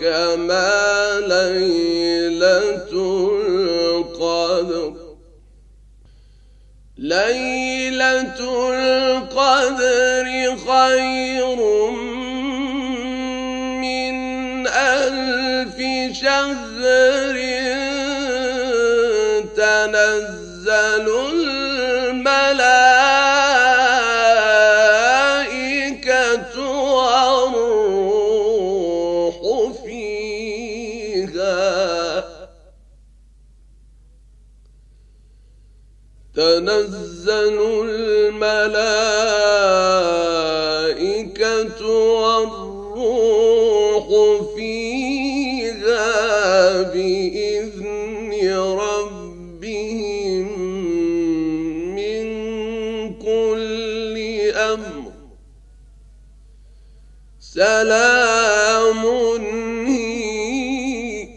كما ليلة القدر ليلة القدر سلام هي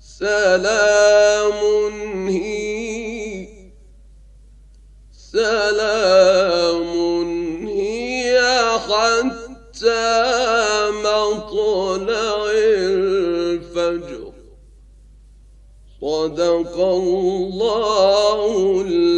سلام هي سلام هي حتى مطلع الفجر صدق الله العظيم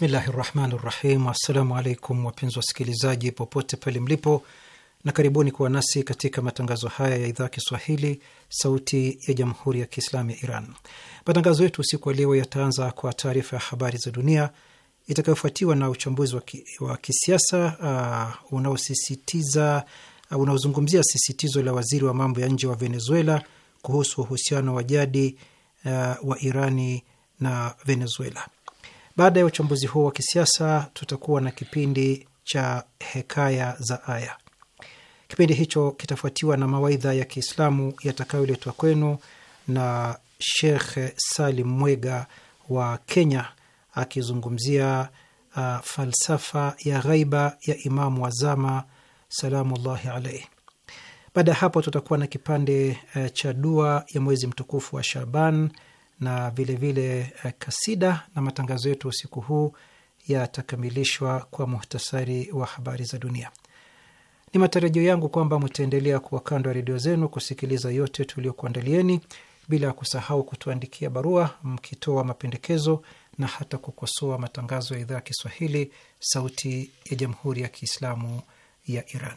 Bismillahi rahmani rahim. Assalamu alaikum wapenzi wasikilizaji popote pale mlipo, na karibuni kuwa nasi katika matangazo haya ya idhaa Kiswahili sauti ya jamhuri ya Kiislamu ya Iran. Matangazo yetu usiku wa leo yataanza kwa taarifa ya habari za dunia itakayofuatiwa na uchambuzi wa, ki, wa kisiasa uh, unaosisitiza uh, unaozungumzia sisitizo la waziri wa mambo ya nje wa Venezuela kuhusu uhusiano wa jadi uh, wa Irani na Venezuela. Baada ya uchambuzi huo wa kisiasa, tutakuwa na kipindi cha hekaya za aya. Kipindi hicho kitafuatiwa na mawaidha ya Kiislamu yatakayoletwa kwenu na Shekh Salim Mwega wa Kenya akizungumzia uh, falsafa ya ghaiba ya Imamu Wazama salamullahi alaihi. Baada ya hapo, tutakuwa na kipande uh, cha dua ya mwezi mtukufu wa Shaban na vilevile vile eh, kasida, na matangazo yetu usiku huu yatakamilishwa kwa muhtasari wa habari za dunia. Ni matarajio yangu kwamba mtaendelea kuwa kando ya redio zenu kusikiliza yote tuliokuandalieni, bila ya kusahau kutuandikia barua mkitoa mapendekezo na hata kukosoa matangazo ya idhaa ya Kiswahili, Sauti ya Jamhuri ya Kiislamu ya Iran.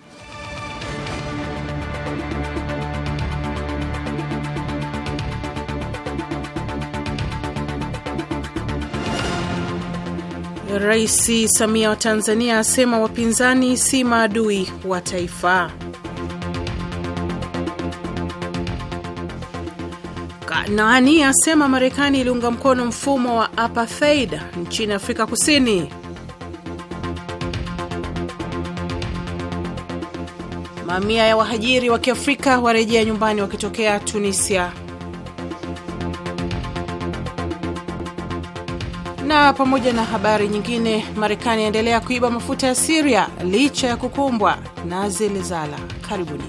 Rais Samia wa Tanzania asema wapinzani si maadui wa taifa. kanani asema Marekani iliunga mkono mfumo wa apartheid nchini Afrika Kusini. Mamia ya wahajiri wa Kiafrika warejea nyumbani wakitokea Tunisia Na pamoja na habari nyingine, Marekani yaendelea kuiba mafuta ya Siria licha ya kukumbwa na zelezala. Karibuni.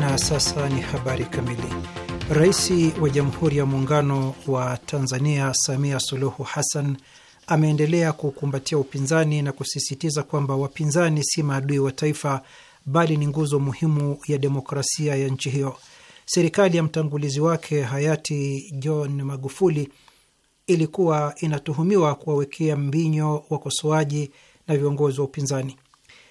Na sasa ni habari kamili. Rais wa Jamhuri ya Muungano wa Tanzania Samia Suluhu Hassan ameendelea kukumbatia upinzani na kusisitiza kwamba wapinzani si maadui wa taifa, bali ni nguzo muhimu ya demokrasia ya nchi hiyo serikali ya mtangulizi wake hayati John Magufuli ilikuwa inatuhumiwa kuwawekea mbinyo wakosoaji na viongozi wa upinzani.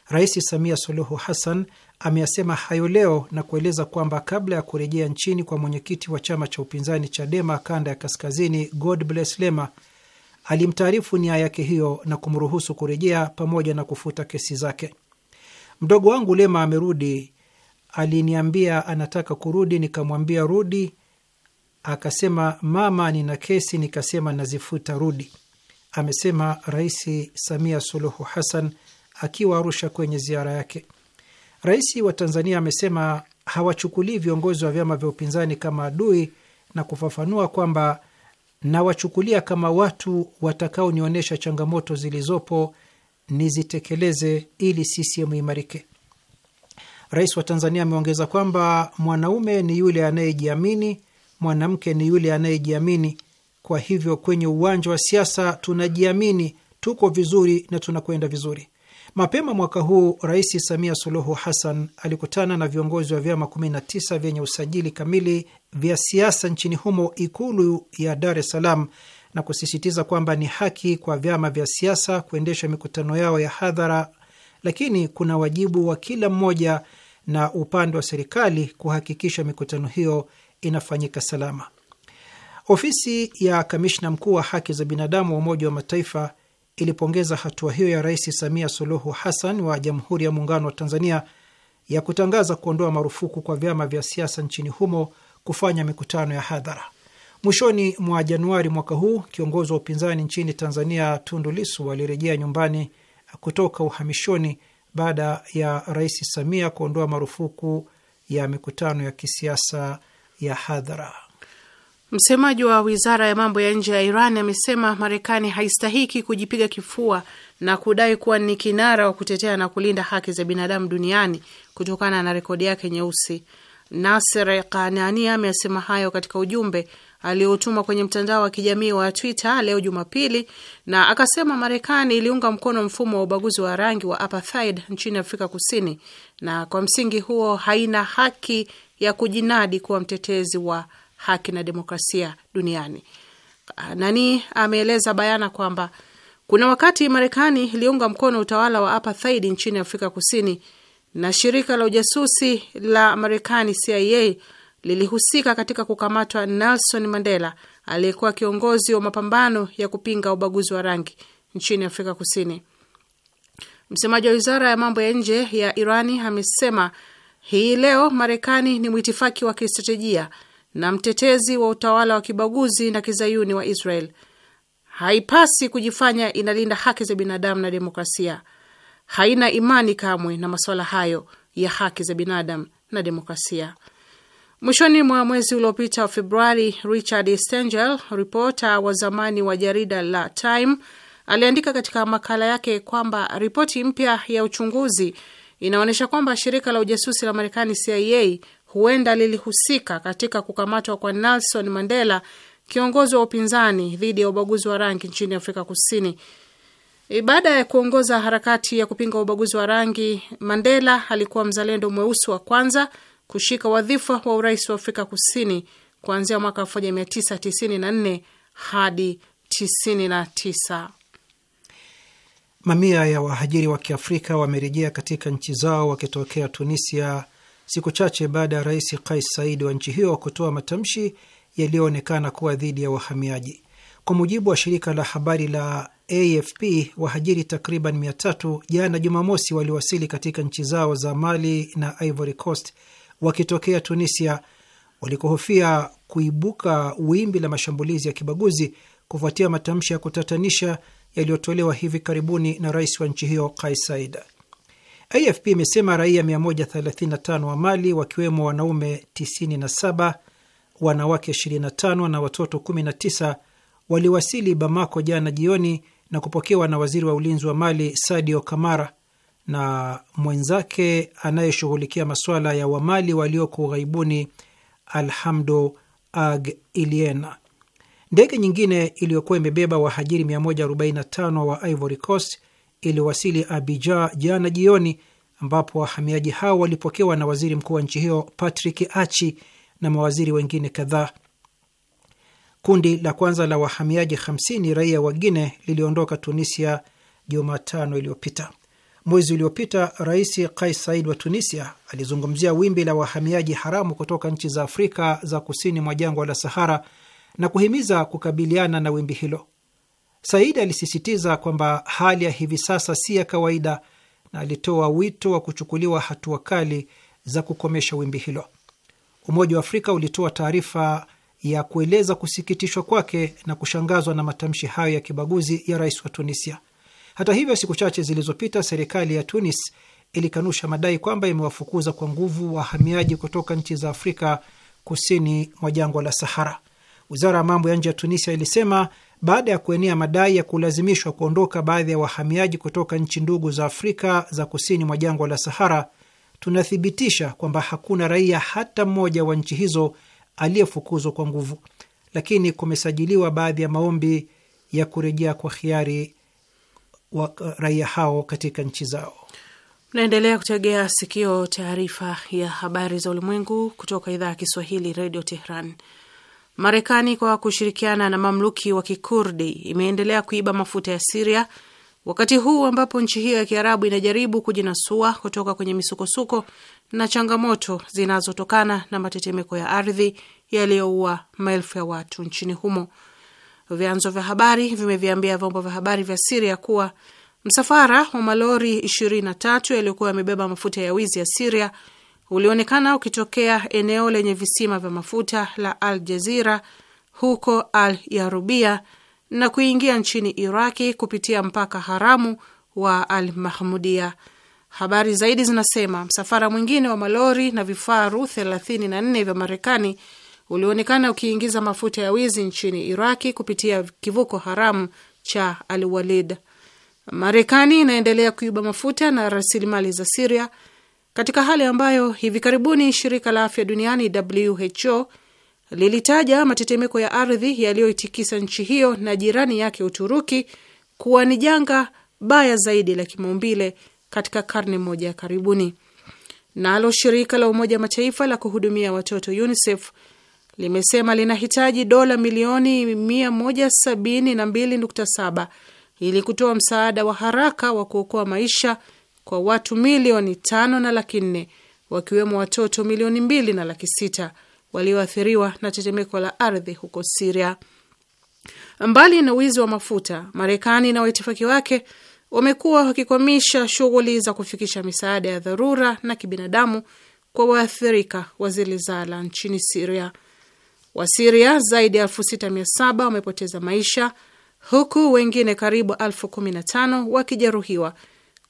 Rais Samia Suluhu Hassan ameyasema hayo leo na kueleza kwamba kabla ya kurejea nchini kwa mwenyekiti wa chama cha upinzani Chadema kanda ya kaskazini Godbless Lema alimtaarifu nia yake hiyo na kumruhusu kurejea pamoja na kufuta kesi zake. Mdogo wangu Lema amerudi aliniambia anataka kurudi, nikamwambia rudi. Akasema mama, nina kesi. Nikasema nazifuta, rudi. Amesema Rais Samia Suluhu Hassan akiwa Arusha kwenye ziara yake. Rais wa Tanzania amesema hawachukulii viongozi wa vyama vya upinzani kama adui na kufafanua kwamba nawachukulia kama watu watakaonionyesha changamoto zilizopo nizitekeleze ili CCM imarike. Rais wa Tanzania ameongeza kwamba mwanaume ni yule anayejiamini, mwanamke ni yule anayejiamini. Kwa hivyo kwenye uwanja wa siasa tunajiamini, tuko vizuri na tunakwenda vizuri. Mapema mwaka huu Rais Samia Suluhu Hassan alikutana na viongozi wa vyama 19 vyenye usajili kamili vya siasa nchini humo Ikulu ya Dar es Salaam na kusisitiza kwamba ni haki kwa vyama vya siasa kuendesha mikutano yao ya hadhara, lakini kuna wajibu wa kila mmoja na upande wa serikali kuhakikisha mikutano hiyo inafanyika salama. Ofisi ya kamishna mkuu wa haki za binadamu wa Umoja wa Mataifa ilipongeza hatua hiyo ya Rais Samia Suluhu Hassan wa Jamhuri ya Muungano wa Tanzania ya kutangaza kuondoa marufuku kwa vyama vya siasa nchini humo kufanya mikutano ya hadhara. Mwishoni mwa Januari mwaka huu, kiongozi wa upinzani nchini Tanzania Tundu Lisu alirejea nyumbani kutoka uhamishoni baada ya Rais Samia kuondoa marufuku ya mikutano ya kisiasa ya hadhara. Msemaji wa wizara ya mambo ya nje ya Iran amesema Marekani haistahiki kujipiga kifua na kudai kuwa ni kinara wa kutetea na kulinda haki za binadamu duniani kutokana na rekodi yake nyeusi. Nasser Kanani amesema hayo katika ujumbe aliotuma kwenye mtandao wa kijamii wa Twitter leo Jumapili, na akasema Marekani iliunga mkono mfumo wa ubaguzi wa rangi wa apartheid nchini Afrika Kusini, na kwa msingi huo haina haki ya kujinadi kuwa mtetezi wa haki na demokrasia duniani. Nani ameeleza bayana kwamba kuna wakati Marekani iliunga mkono utawala wa apartheid nchini Afrika Kusini, na shirika la ujasusi la Marekani CIA lilihusika katika kukamatwa Nelson Mandela aliyekuwa kiongozi wa mapambano ya kupinga ubaguzi wa rangi nchini Afrika Kusini. Msemaji wa wizara ya mambo ya nje ya Irani amesema hii leo Marekani ni mwitifaki wa kistratejia na mtetezi wa utawala wa kibaguzi na kizayuni wa Israel. Haipasi kujifanya inalinda haki za binadamu na demokrasia. Haina imani kamwe na masuala hayo ya haki za binadamu na demokrasia. Mwishoni mwa mwezi uliopita wa Februari, Richard Stengel, ripota wa zamani wa jarida la Time, aliandika katika makala yake kwamba ripoti mpya ya uchunguzi inaonyesha kwamba shirika la ujasusi la Marekani CIA huenda lilihusika katika kukamatwa kwa Nelson Mandela, kiongozi wa upinzani dhidi ya ubaguzi wa rangi nchini Afrika Kusini. E, baada ya kuongoza harakati ya kupinga ubaguzi wa rangi, Mandela alikuwa mzalendo mweusi wa kwanza kushika wadhifa wa urais wa Afrika Kusini kuanzia mwaka 1994 hadi 99. Mamia ya wahajiri wa Kiafrika wamerejea katika nchi zao wakitokea Tunisia siku chache baada ya Rais Kais Saidi wa nchi hiyo kutoa matamshi yaliyoonekana kuwa dhidi ya wahamiaji. Kwa mujibu wa shirika la habari la AFP, wahajiri takriban 300 jana Jumamosi waliwasili katika nchi zao za Mali na Ivory Coast wakitokea Tunisia walikohofia kuibuka wimbi la mashambulizi ya kibaguzi kufuatia matamshi ya kutatanisha yaliyotolewa hivi karibuni na rais wa nchi hiyo Kais Saied. AFP imesema raia 135 wa Mali wakiwemo wanaume 97, wanawake 25 na watoto 19 waliwasili Bamako jana jioni na kupokewa na waziri wa ulinzi wa Mali Sadio Kamara na mwenzake anayeshughulikia masuala ya wamali walioko ughaibuni Alhamdo Ag Iliena. Ndege nyingine iliyokuwa imebeba wahajiri 145 wa Ivory Coast iliwasili abija jana jioni, ambapo wahamiaji hao walipokewa na waziri mkuu wa nchi hiyo Patrick Achi na mawaziri wengine kadhaa. Kundi la kwanza la wahamiaji 50 raia wa Guine liliondoka Tunisia Jumatano iliyopita. Mwezi uliopita Rais Kais Said wa Tunisia alizungumzia wimbi la wahamiaji haramu kutoka nchi za Afrika za kusini mwa jangwa la Sahara na kuhimiza kukabiliana na wimbi hilo. Said alisisitiza kwamba hali ya hivi sasa si ya kawaida na alitoa wito wa kuchukuliwa hatua kali za kukomesha wimbi hilo. Umoja wa Afrika ulitoa taarifa ya kueleza kusikitishwa kwake na kushangazwa na matamshi hayo ya kibaguzi ya rais wa Tunisia. Hata hivyo, siku chache zilizopita serikali ya Tunis ilikanusha madai kwamba imewafukuza kwa nguvu wahamiaji kutoka nchi za Afrika kusini mwa jangwa la Sahara. Wizara ya mambo ya nje ya Tunisia ilisema baada ya kuenea madai ya kulazimishwa kuondoka baadhi ya wahamiaji kutoka nchi ndugu za Afrika za kusini mwa jangwa la Sahara, tunathibitisha kwamba hakuna raia hata mmoja wa nchi hizo aliyefukuzwa kwa nguvu, lakini kumesajiliwa baadhi ya maombi ya kurejea kwa hiari wa raia hao katika nchi zao. Naendelea kutegea sikio taarifa ya habari za ulimwengu kutoka idhaa ya Kiswahili redio Tehran. Marekani kwa kushirikiana na mamluki wa kikurdi imeendelea kuiba mafuta ya Siria wakati huu ambapo nchi hiyo ya kiarabu inajaribu kujinasua kutoka kwenye misukosuko na changamoto zinazotokana na matetemeko ya ardhi yaliyoua maelfu ya watu nchini humo. Vyanzo vya habari vimeviambia vyombo vya habari vya Siria kuwa msafara wa malori 23 yaliyokuwa yamebeba mafuta ya wizi ya Siria ulionekana ukitokea eneo lenye visima vya mafuta la Al Jazira huko Al Yarubia na kuingia nchini Iraki kupitia mpaka haramu wa Al Mahmudia. Habari zaidi zinasema msafara mwingine wa malori na vifaru 34 vya Marekani ulionekana ukiingiza mafuta ya wizi nchini Iraki kupitia kivuko haramu cha Al Walid. Marekani inaendelea kuiba mafuta na rasilimali za Siria katika hali ambayo hivi karibuni shirika la afya duniani WHO lilitaja matetemeko ya ardhi yaliyoitikisa nchi hiyo na jirani yake Uturuki kuwa ni janga baya zaidi la kimaumbile katika karne moja ya karibuni. Nalo shirika la Umoja Mataifa la kuhudumia watoto UNICEF limesema linahitaji dola milioni 172.7 ili kutoa msaada wa haraka wa kuokoa maisha kwa watu milioni tano na laki nne wakiwemo watoto milioni mbili na laki sita walioathiriwa na tetemeko la ardhi huko Siria. Mbali na wizi wa mafuta, Marekani na waitifaki wake wamekuwa wakikwamisha shughuli za kufikisha misaada ya dharura na kibinadamu kwa waathirika wa zilizala nchini Siria. Wasiria zaidi ya 6700 wamepoteza maisha huku wengine karibu 15,000 wakijeruhiwa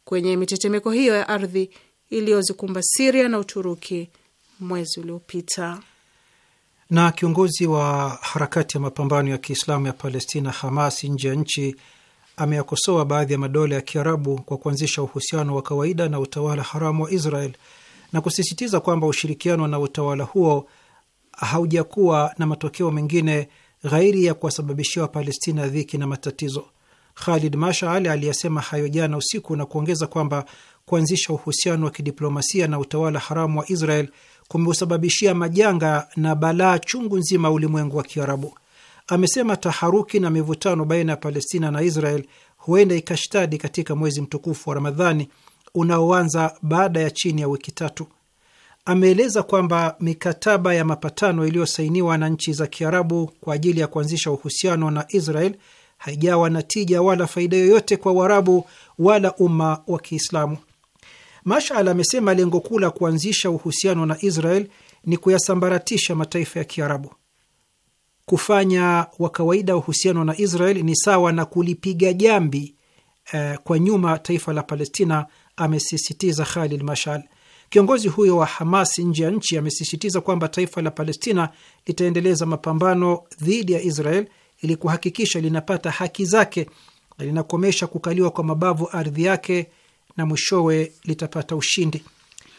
kwenye mitetemeko hiyo ya ardhi iliyozikumba Siria na Uturuki mwezi uliopita. Na kiongozi wa harakati ya mapambano ya Kiislamu ya Palestina, Hamas, nje ya nchi ameyakosoa baadhi ya madola ya Kiarabu kwa kuanzisha uhusiano wa kawaida na utawala haramu wa Israel na kusisitiza kwamba ushirikiano na utawala huo haujakuwa na matokeo mengine ghairi ya kuwasababishia Wapalestina dhiki na matatizo. Khalid Mashal aliyasema hayo jana usiku na kuongeza kwamba kuanzisha uhusiano wa kidiplomasia na utawala haramu wa Israel kumeusababishia majanga na balaa chungu nzima ulimwengu wa Kiarabu. Amesema taharuki na mivutano baina ya Palestina na Israel huenda ikashtadi katika mwezi mtukufu wa Ramadhani unaoanza baada ya chini ya wiki tatu ameeleza kwamba mikataba ya mapatano iliyosainiwa na nchi za Kiarabu kwa ajili ya kuanzisha uhusiano na Israel haijawa na tija wala faida yoyote kwa Uarabu wala umma wa Kiislamu. Mashal amesema lengo kuu la kuanzisha uhusiano na Israel ni kuyasambaratisha mataifa ya Kiarabu. Kufanya wa kawaida uhusiano na Israel ni sawa na kulipiga jambi eh, kwa nyuma taifa la Palestina, amesisitiza Khalil Mashal. Kiongozi huyo wa Hamas nje ya nchi amesisitiza kwamba taifa la Palestina litaendeleza mapambano dhidi ya Israel ili kuhakikisha linapata haki zake na linakomesha kukaliwa kwa mabavu ardhi yake na mwishowe litapata ushindi.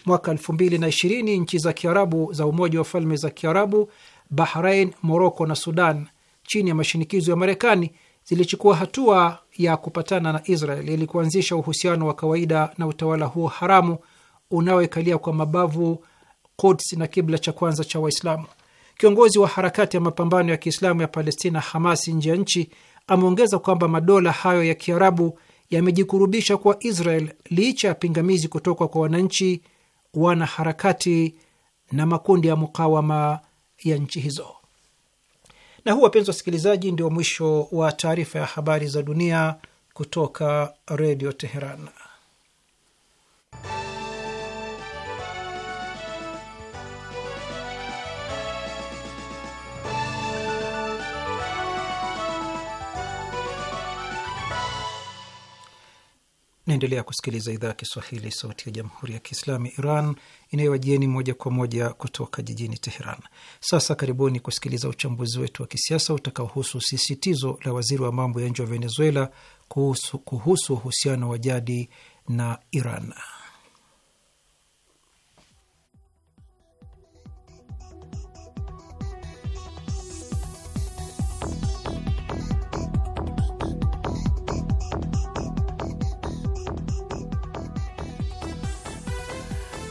Mwaka 2020 nchi za Kiarabu za Umoja wa Falme za Kiarabu, Bahrain, Moroko na Sudan chini ya mashinikizo ya Marekani zilichukua hatua ya kupatana na Israel ili kuanzisha uhusiano wa kawaida na utawala huo haramu unaoekalia kwa mabavu Quds na kibla cha kwanza cha Waislamu. Kiongozi wa harakati ya mapambano ya Kiislamu ya Palestina, Hamas, nje ya nchi ameongeza kwamba madola hayo ya Kiarabu yamejikurubisha kwa Israel licha ya pingamizi kutoka kwa wananchi, wanaharakati na makundi ya mukawama ya nchi hizo. Na huu, wapenzi wasikilizaji, ndio mwisho wa taarifa ya habari za dunia kutoka Redio Teheran. Naendelea kusikiliza idhaa ya Kiswahili, sauti ya jamhuri ya kiislamu ya Iran inayowajieni moja kwa moja kutoka jijini Teheran. Sasa karibuni kusikiliza uchambuzi wetu wa kisiasa utakaohusu sisitizo la waziri wa mambo ya nje wa Venezuela kuhusu uhusiano wa jadi na Iran.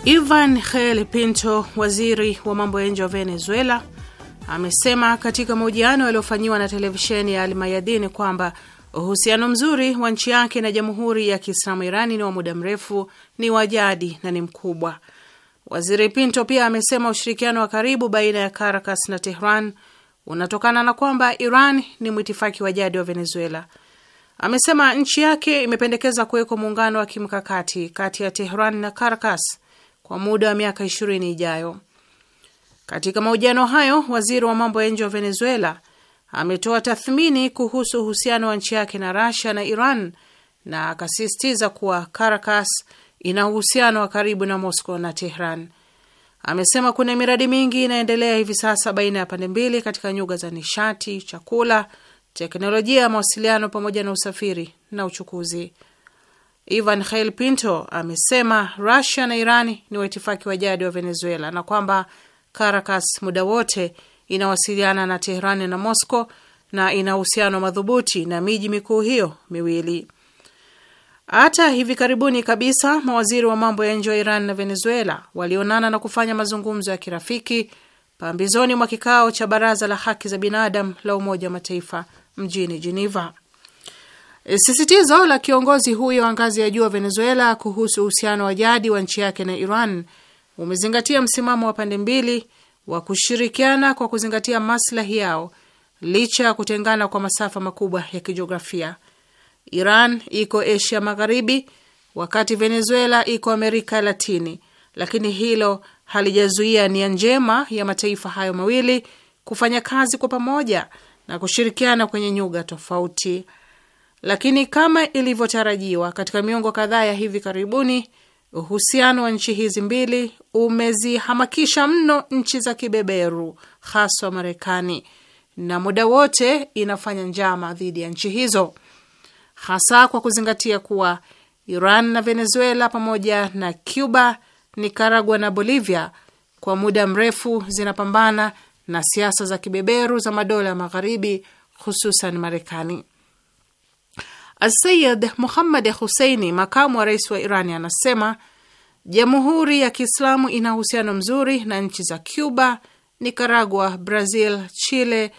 Ivan Khel Pinto, waziri wa mambo ya nje wa Venezuela, amesema katika mahojiano yaliyofanyiwa na televisheni ya Almayadin kwamba uhusiano mzuri wa nchi yake na Jamhuri ya Kiislamu Irani ni wa muda mrefu, ni wa jadi na ni mkubwa. Waziri Pinto pia amesema ushirikiano wa karibu baina ya Caracas na Tehran unatokana na kwamba Iran ni mwitifaki wa jadi wa Venezuela. Amesema nchi yake imependekeza kuwekwa muungano wa kimkakati kati ya Tehran na Caracas kwa muda wa miaka ishirini ijayo. Katika mahojiano hayo, waziri wa mambo ya nje wa Venezuela ametoa tathmini kuhusu uhusiano wa nchi yake na rusia na Iran na akasisitiza kuwa Caracas ina uhusiano wa karibu na Moscow na Tehran. Amesema kuna miradi mingi inaendelea hivi sasa baina ya pande mbili katika nyuga za nishati, chakula, teknolojia ya mawasiliano pamoja na usafiri na uchukuzi. Ivan Khail Pinto amesema Rusia na Irani ni waitifaki wa jadi wa Venezuela na kwamba Caracas muda wote inawasiliana na Teherani na Moscow na ina uhusiano madhubuti na miji mikuu hiyo miwili. Hata hivi karibuni kabisa mawaziri wa mambo ya nje wa Iran na Venezuela walionana na kufanya mazungumzo ya kirafiki pambizoni mwa kikao cha Baraza la Haki za Binadamu la Umoja wa Mataifa mjini Geneva. E, sisitizo la kiongozi huyo wa ngazi ya juu wa Venezuela kuhusu uhusiano wa jadi wa nchi yake na Iran umezingatia msimamo wa pande mbili wa kushirikiana kwa kuzingatia maslahi yao licha ya kutengana kwa masafa makubwa ya kijiografia. Iran iko Asia Magharibi wakati Venezuela iko Amerika Latini, lakini hilo halijazuia nia njema ya mataifa hayo mawili kufanya kazi kwa pamoja na kushirikiana kwenye nyuga tofauti. Lakini kama ilivyotarajiwa katika miongo kadhaa ya hivi karibuni, uhusiano wa nchi hizi mbili umezihamakisha mno nchi za kibeberu, haswa Marekani, na muda wote inafanya njama dhidi ya nchi hizo, hasa kwa kuzingatia kuwa Iran na Venezuela pamoja na Cuba, Nicaragua na Bolivia kwa muda mrefu zinapambana na siasa za kibeberu za madola ya Magharibi, hususan Marekani. Asayid Muhammad Huseini, makamu wa rais wa Irani, anasema jamhuri ya Kiislamu ina uhusiano mzuri na nchi za Cuba, Nicaragua, Brazil, Chile,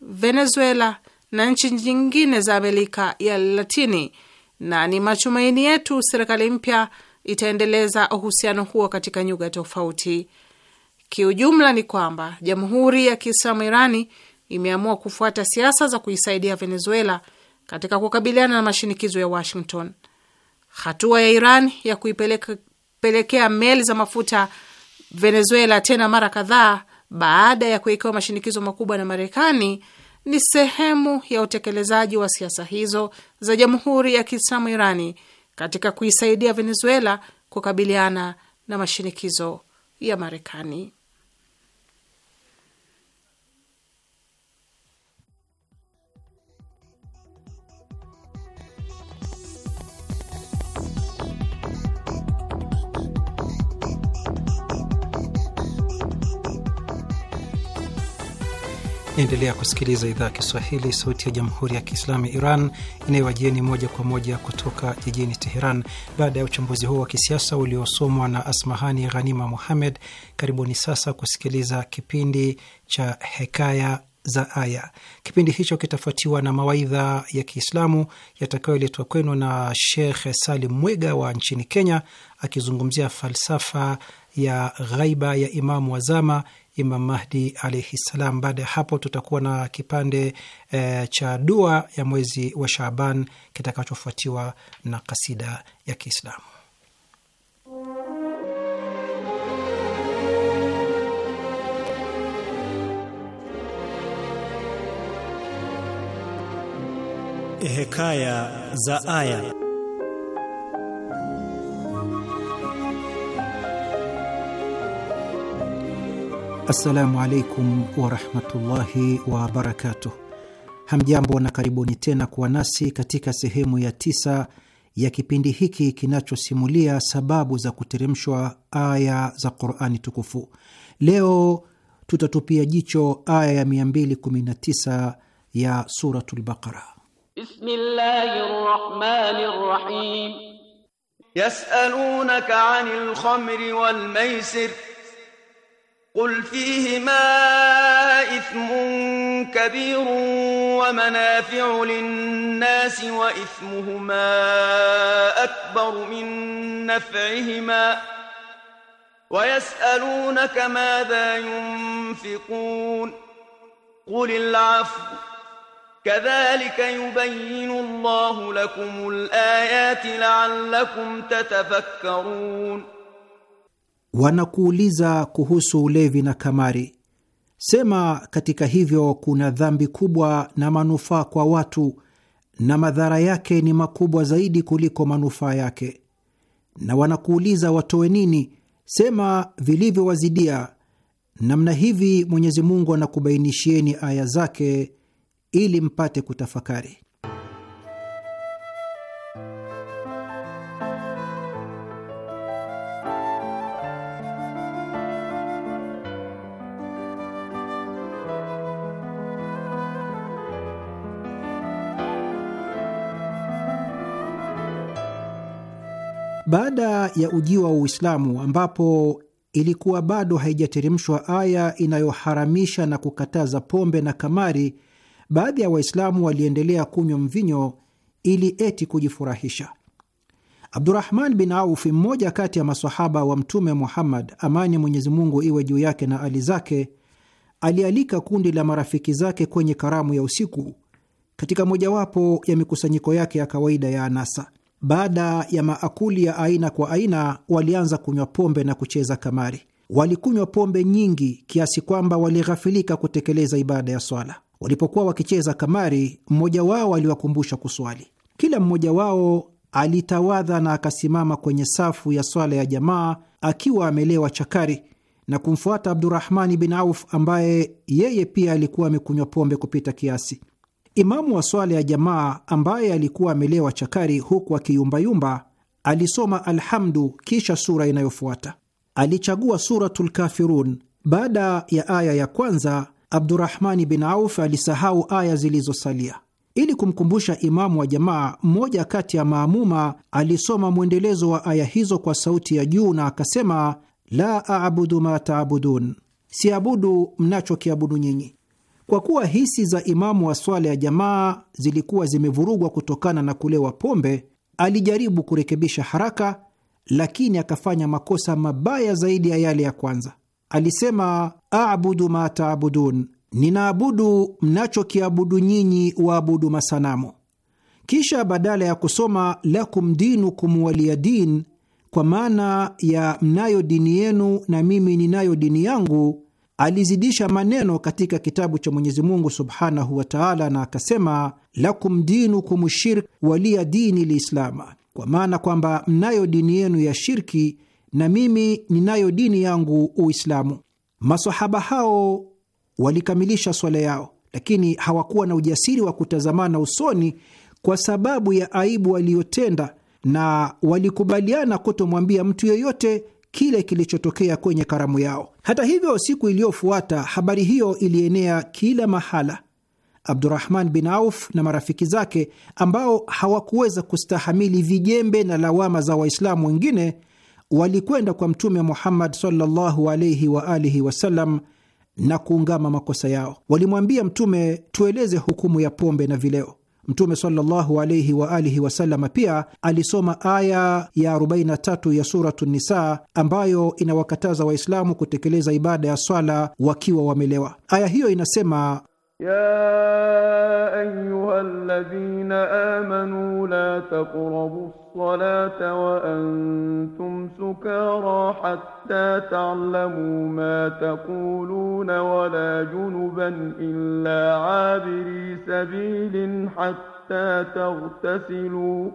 Venezuela na nchi nyingine za Amerika ya Latini, na ni matumaini yetu serikali mpya itaendeleza uhusiano huo katika nyuga tofauti. Kiujumla ni kwamba jamhuri ya Kiislamu Irani imeamua kufuata siasa za kuisaidia Venezuela katika kukabiliana na mashinikizo ya Washington. Hatua ya Iran ya kuipelekea meli za mafuta Venezuela tena mara kadhaa baada ya kuwekewa mashinikizo makubwa na Marekani ni sehemu ya utekelezaji wa siasa hizo za Jamhuri ya Kiislamu Irani katika kuisaidia Venezuela kukabiliana na mashinikizo ya Marekani. Naendelea kusikiliza idhaa ya Kiswahili, sauti ya jamhuri ya kiislamu ya Iran inayowajieni moja kwa moja kutoka jijini Teheran. Baada ya uchambuzi huo wa kisiasa uliosomwa na Asmahani Ghanima Muhammed, karibuni sasa kusikiliza kipindi cha Hekaya za Aya. Kipindi hicho kitafuatiwa na mawaidha ya Kiislamu yatakayoletwa kwenu na Shekh Salim Mwega wa nchini Kenya, akizungumzia falsafa ya ghaiba ya Imamu Wazama Imam Mahdi alaihi ssalam. Baada ya hapo, tutakuwa na kipande e, cha dua ya mwezi wa Shaaban kitakachofuatiwa na kasida ya Kiislamu. Hekaya za Aya. Assalamu alaikum warahmatullahi wabarakatuh. Hamjambo na karibuni tena kuwa nasi katika sehemu ya tisa ya kipindi hiki kinachosimulia sababu za kuteremshwa aya za Qurani tukufu. Leo tutatupia jicho aya ya 219 ya Suratul Baqara. Bismillahi rahmani rahim. Yasalunaka anil khamri wal maisir قل فيهما إثم كبير ومنافع للناس وإثمهما أكبر من نفعهما ويسألونك ماذا ينفقون قل العفو كذلك يبين الله لكم الآيات لعلكم تتفكرون wanakuuliza kuhusu ulevi na kamari. Sema, katika hivyo kuna dhambi kubwa na manufaa kwa watu, na madhara yake ni makubwa zaidi kuliko manufaa yake. Na wanakuuliza watoe nini? Sema, vilivyowazidia. Namna hivi Mwenyezi Mungu anakubainishieni aya zake ili mpate kutafakari. Baada ya ujio wa Uislamu, ambapo ilikuwa bado haijateremshwa aya inayoharamisha na kukataza pombe na kamari, baadhi ya Waislamu waliendelea kunywa mvinyo ili eti kujifurahisha. Abdurahman bin Auf, mmoja kati ya masahaba wa Mtume Muhammad, amani mwenyezimungu Mwenyezi Mungu iwe juu yake na ali zake, alialika kundi la marafiki zake kwenye karamu ya usiku katika mojawapo ya mikusanyiko yake ya kawaida ya anasa baada ya maakuli ya aina kwa aina, walianza kunywa pombe na kucheza kamari. Walikunywa pombe nyingi kiasi kwamba walighafilika kutekeleza ibada ya swala. Walipokuwa wakicheza kamari, mmoja wao aliwakumbusha kuswali. Kila mmoja wao alitawadha na akasimama kwenye safu ya swala ya jamaa akiwa amelewa chakari na kumfuata Abdurahmani bin Auf ambaye yeye pia alikuwa amekunywa pombe kupita kiasi. Imamu wa swala ya jamaa ambaye alikuwa amelewa chakari huku akiyumbayumba alisoma Alhamdu kisha sura inayofuata. Alichagua Suratul Kafirun baada ya aya ya kwanza. Abdurahmani bin Auf alisahau aya zilizosalia. Ili kumkumbusha imamu wa jamaa, mmoja kati ya maamuma alisoma mwendelezo wa aya hizo kwa sauti ya juu na akasema, la abudu ma taabudun, siabudu mnachokiabudu nyinyi kwa kuwa hisi za imamu wa swala ya jamaa zilikuwa zimevurugwa kutokana na kulewa pombe, alijaribu kurekebisha haraka, lakini akafanya makosa mabaya zaidi ya yale ya kwanza. Alisema, abudu ma taabudun, ninaabudu mnachokiabudu nyinyi waabudu masanamu. Kisha badala ya kusoma lakum dinukum waliya din, kwa maana ya mnayo dini yenu na mimi ninayo dini yangu alizidisha maneno katika kitabu cha Mwenyezi Mungu subhanahu wa taala, na akasema lakum dinukum shirk waliya dini liislama, kwa maana kwamba mnayo dini yenu ya shirki na mimi ninayo dini yangu Uislamu. Masahaba hao walikamilisha swala yao, lakini hawakuwa na ujasiri wa kutazamana usoni kwa sababu ya aibu waliyotenda, na walikubaliana kutomwambia mtu yeyote kile kilichotokea kwenye karamu yao. Hata hivyo, siku iliyofuata habari hiyo ilienea kila mahala. Abdurahman bin Auf na marafiki zake ambao hawakuweza kustahamili vijembe na lawama za Waislamu wengine walikwenda kwa Mtume Muhammad sallallahu alaihi wa alihi wasallam na kuungama makosa yao. Walimwambia Mtume, tueleze hukumu ya pombe na vileo. Mtume sallallahu alaihi wa alihi wasalama pia alisoma aya ya 43 ya Suratu Nisa ambayo inawakataza Waislamu kutekeleza ibada ya swala wakiwa wamelewa. Aya hiyo inasema يا أيها الذين آمنوا لا تقربوا الصلاة وأنتم سكارى حتى تعلموا ما تقولون ولا جنبا إلا عابري سبيل حتى تغتسلوا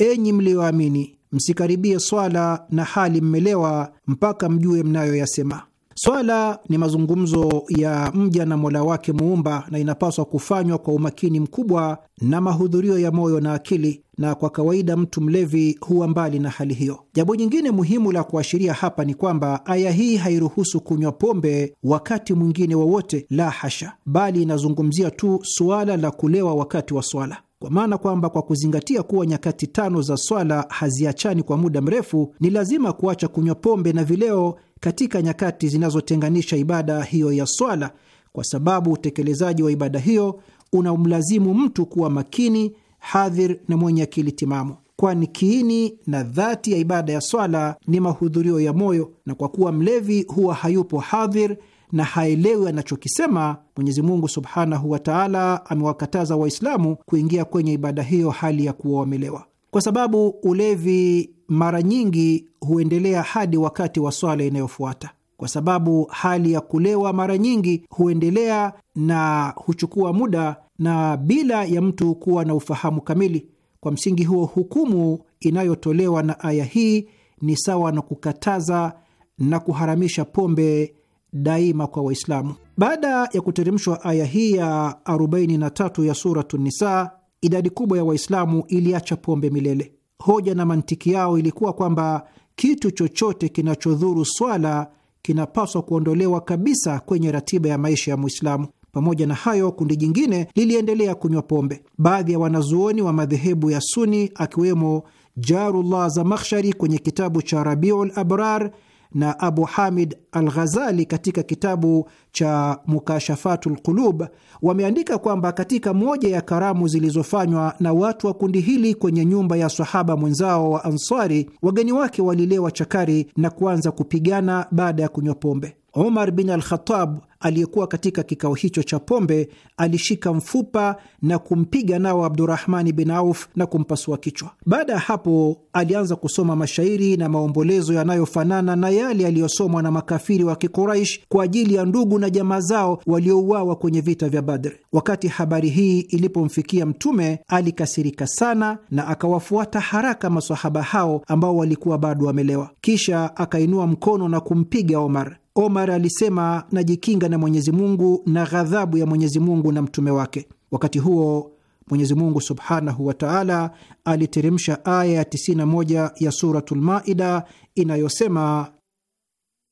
Enyi mliyoamini, msikaribie swala na hali mmelewa mpaka mjue mnayoyasema. Swala ni mazungumzo ya mja na Mola wake Muumba, na inapaswa kufanywa kwa umakini mkubwa na mahudhurio ya moyo na akili, na kwa kawaida mtu mlevi huwa mbali na hali hiyo. Jambo nyingine muhimu la kuashiria hapa ni kwamba aya hii hairuhusu kunywa pombe wakati mwingine wowote, la hasha, bali inazungumzia tu suala la kulewa wakati wa swala, kwa maana kwamba kwa kuzingatia kuwa nyakati tano za swala haziachani kwa muda mrefu, ni lazima kuacha kunywa pombe na vileo katika nyakati zinazotenganisha ibada hiyo ya swala, kwa sababu utekelezaji wa ibada hiyo unamlazimu mtu kuwa makini, hadhir na mwenye akili timamu, kwani kiini na dhati ya ibada ya swala ni mahudhurio ya moyo, na kwa kuwa mlevi huwa hayupo hadhir na haelewi anachokisema, Mwenyezi Mungu subhanahu wa taala amewakataza Waislamu kuingia kwenye ibada hiyo hali ya kuwa wamelewa, kwa sababu ulevi mara nyingi huendelea hadi wakati wa swala inayofuata, kwa sababu hali ya kulewa mara nyingi huendelea na huchukua muda na bila ya mtu kuwa na ufahamu kamili. Kwa msingi huo, hukumu inayotolewa na aya hii ni sawa na kukataza na kuharamisha pombe daima kwa Waislamu. Baada ya kuteremshwa aya hii ya 43 ya Suratu Nisa, idadi kubwa ya Waislamu iliacha pombe milele. Hoja na mantiki yao ilikuwa kwamba kitu chochote kinachodhuru swala kinapaswa kuondolewa kabisa kwenye ratiba ya maisha ya Mwislamu. Pamoja na hayo, kundi jingine liliendelea kunywa pombe. Baadhi ya wanazuoni wa madhehebu ya Suni akiwemo Jarullah Zamakhshari kwenye kitabu cha Rabiul Abrar na Abu Hamid alghazali katika kitabu cha Mukashafatu lqulub wameandika kwamba katika moja ya karamu zilizofanywa na watu wa kundi hili kwenye nyumba ya sahaba mwenzao wa Ansari, wageni wake walilewa chakari na kuanza kupigana baada ya kunywa pombe. Umar bin Alkhatab aliyekuwa katika kikao hicho cha pombe alishika mfupa na kumpiga nao Abdurahmani bin Auf na kumpasua kichwa. Baada ya hapo, alianza kusoma mashairi na maombolezo yanayofanana na yale yaliyosomwa na makafiri wa Kikuraish kwa ajili ya ndugu na jamaa zao waliouawa kwenye vita vya Badr. Wakati habari hii ilipomfikia Mtume alikasirika sana na akawafuata haraka masahaba hao ambao walikuwa bado wamelewa, kisha akainua mkono na kumpiga Omar. Omar alisema, najikinga na Mwenyezi Mungu na ghadhabu ya Mwenyezi Mungu na mtume wake. Wakati huo Mwenyezi Mungu subhanahu wa taala aliteremsha aya ya 91 ya Suratul Maida inayosema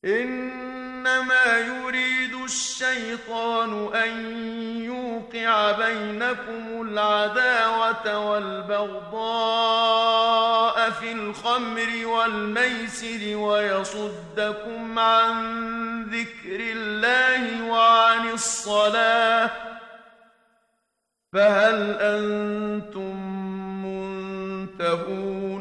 Innama الشيطان أن يوقع بينكم العداوة والبغضاء في الخمر والميسر ويصدكم عن ذكر الله وعن الصلاة فهل أنتم منتهون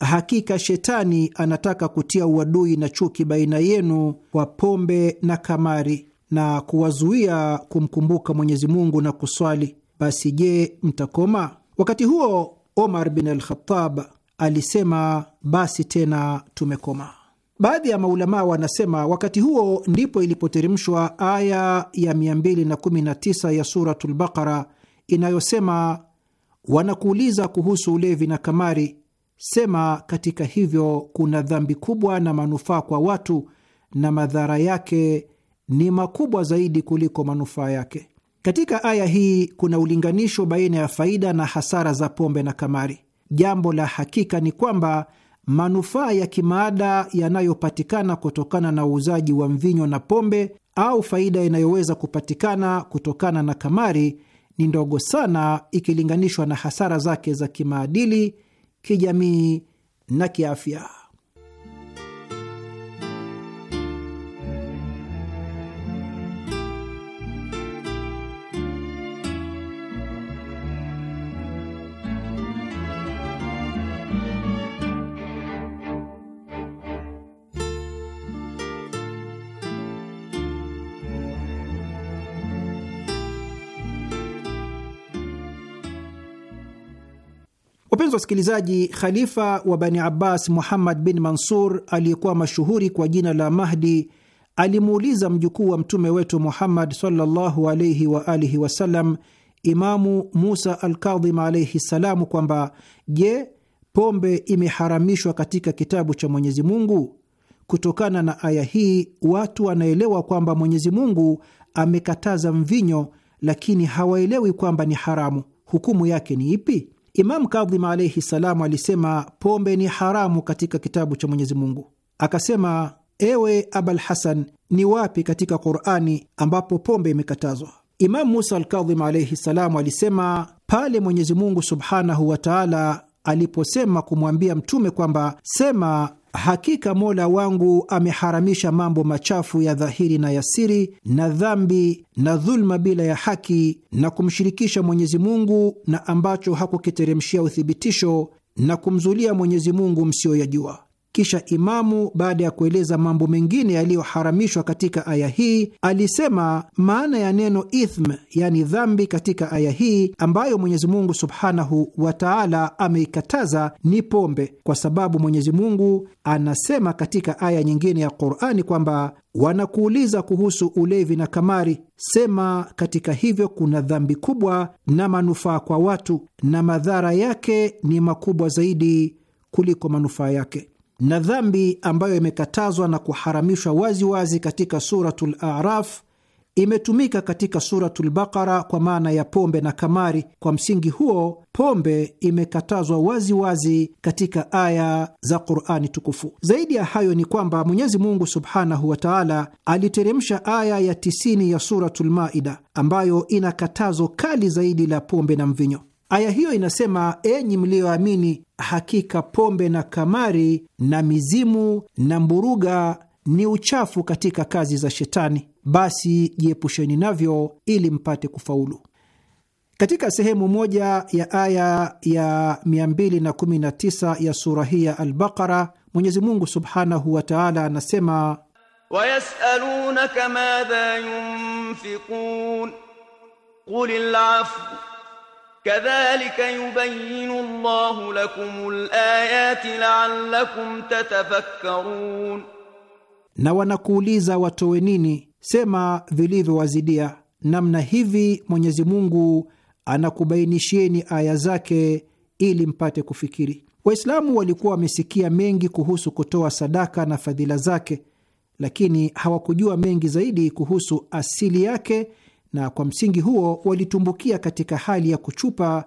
Hakika shetani anataka kutia uadui na chuki baina yenu kwa pombe na kamari na kuwazuia kumkumbuka Mwenyezi Mungu na kuswali. Basi je, mtakoma? Wakati huo Omar bin al-Khattab alisema, basi tena tumekoma. Baadhi ya maulamaa wanasema wakati huo ndipo ilipoteremshwa aya ya 219 ya Suratul Baqara inayosema, wanakuuliza kuhusu ulevi na kamari Sema katika hivyo kuna dhambi kubwa na manufaa kwa watu, na madhara yake ni makubwa zaidi kuliko manufaa yake. Katika aya hii kuna ulinganisho baina ya faida na hasara za pombe na kamari. Jambo la hakika ni kwamba manufaa ya kimaada yanayopatikana kutokana na uuzaji wa mvinyo na pombe au faida inayoweza kupatikana kutokana na kamari ni ndogo sana ikilinganishwa na hasara zake za kimaadili kijamii na kiafya. Wapenzi wasikilizaji, khalifa wa Bani Abbas Muhammad bin Mansur aliyekuwa mashuhuri kwa jina la Mahdi alimuuliza mjukuu wa mtume wetu Muhammad sallallahu alayhi wa alihi wasallam, Imamu Musa Alkadhim alaihi ssalamu, kwamba je, pombe imeharamishwa katika kitabu cha Mwenyezi Mungu? Kutokana na aya hii watu wanaelewa kwamba Mwenyezi Mungu amekataza mvinyo, lakini hawaelewi kwamba ni haramu. Hukumu yake ni ipi? Imam Kadhim alaihi salamu alisema pombe ni haramu katika kitabu cha Mwenyezi Mungu. Akasema, ewe Abal Hasan, ni wapi katika Qurani ambapo pombe imekatazwa? Imamu Musa Alkadhim alaihi salamu alisema pale Mwenyezi Mungu subhanahu wa taala aliposema kumwambia Mtume kwamba sema Hakika Mola wangu ameharamisha mambo machafu ya dhahiri na yasiri na dhambi na dhulma bila ya haki na kumshirikisha Mwenyezi Mungu na ambacho hakukiteremshia uthibitisho na kumzulia Mwenyezi Mungu msiyoyajua. Kisha Imamu, baada ya kueleza mambo mengine yaliyoharamishwa katika aya hii, alisema maana ya neno ithm, yani dhambi, katika aya hii ambayo Mwenyezi Mungu subhanahu wa taala ameikataza ni pombe, kwa sababu Mwenyezi Mungu anasema katika aya nyingine ya Qurani kwamba wanakuuliza kuhusu ulevi na kamari, sema katika hivyo kuna dhambi kubwa na manufaa kwa watu, na madhara yake ni makubwa zaidi kuliko manufaa yake na dhambi ambayo imekatazwa na kuharamishwa waziwazi katika Suratul Araf imetumika katika Suratul Baqara kwa maana ya pombe na kamari. Kwa msingi huo, pombe imekatazwa waziwazi wazi katika aya za Qurani tukufu. Zaidi ya hayo ni kwamba Mwenyezi Mungu subhanahu wa taala aliteremsha aya ya 9 ya Suratul Maida ambayo ina katazo kali zaidi la pombe na mvinyo. Aya hiyo inasema: enyi mliyoamini, hakika pombe na kamari na mizimu na mburuga ni uchafu katika kazi za Shetani, basi jiepusheni navyo ili mpate kufaulu. Katika sehemu moja ya aya ya 219 ya sura hii ya Albaqara, Mwenyezi Mungu subhanahu wa taala anasema wayasalunaka madha yunfiqun qul afwa Kadhalika yubayinu Allahu lakumul ayati la'allakum tatafakkarun, na wanakuuliza watowe nini? Sema vilivyowazidia. Namna hivi Mwenyezi Mungu anakubainishieni aya zake ili mpate kufikiri. Waislamu walikuwa wamesikia mengi kuhusu kutoa sadaka na fadhila zake, lakini hawakujua mengi zaidi kuhusu asili yake na kwa msingi huo walitumbukia katika hali ya kuchupa